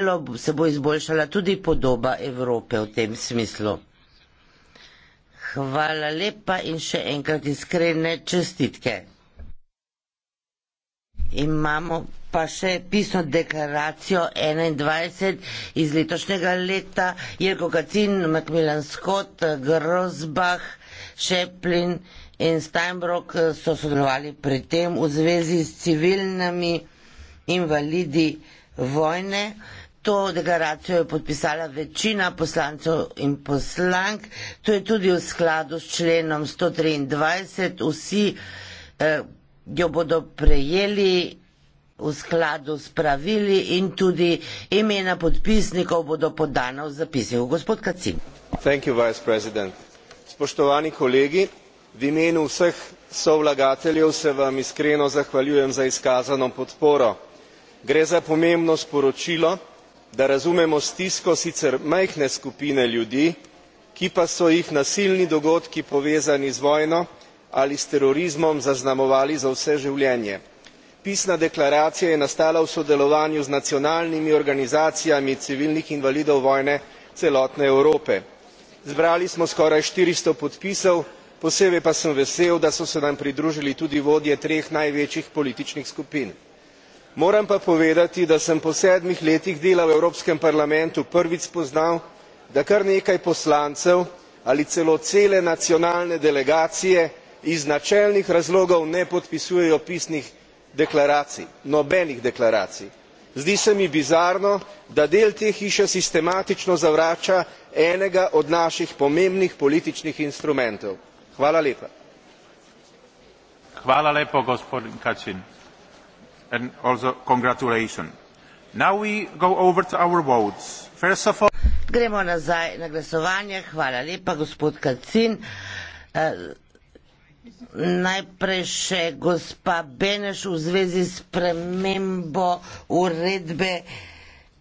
izboljšalo, se bo izboljšala tudi podoba Evrope v tem smislu. Hvala lepa in še enkrat iskrene čestitke. Imamo pa še pisno deklaracijo 21 iz letošnjega leta. Jelko Kacin, Macmillan Scott, Grozbah, Šeplin in Steinbrock so sodelovali pri tem v zvezi s civilnimi invalidi vojne. To deklaracijo je podpisala večina poslancev in poslank, to je tudi v skladu s členom 123. Vsi eh, jo bodo prejeli v skladu s pravili in tudi imena podpisnikov bodo podana v zapisih. Gospod Kacin. Thank you, vice president. Spoštovani kolegi, v imenu vseh sovlagateljev se vam iskreno zahvaljujem za izkazano podporo. Gre za pomembno sporočilo, da razumemo stisko sicer majhne skupine ljudi ki pa so jih nasilni dogodki povezani z vojno ali s terorizmom zaznamovali za vse življenje. pisna deklaracija je nastala v sodelovanju z nacionalnimi organizacijami civilnih invalidov vojne celotne evrope. zbrali smo skoraj štiristo podpisov posebej pa sem vesel da so se nam pridružili tudi vodje treh največjih političnih skupin moram pa povedati da sem po sedmih letih dela v evropskem parlamentu prvič spoznal da kar nekaj poslancev ali celo cele nacionalne delegacije iz načelnih razlogov ne podpisujejo pisnih deklaracij nobenih deklaracij. zdi se mi bizarno da del te hiše sistematično zavrača enega od naših pomembnih političnih instrumentov. hvala lepa and also congratulations. Now we go over to our votes. First of all, gremo nazaj na glasovanje. Hvala lepa, gospod Kacin. Uh, najprej še gospa Beneš v zvezi s premembo uredbe. Uh,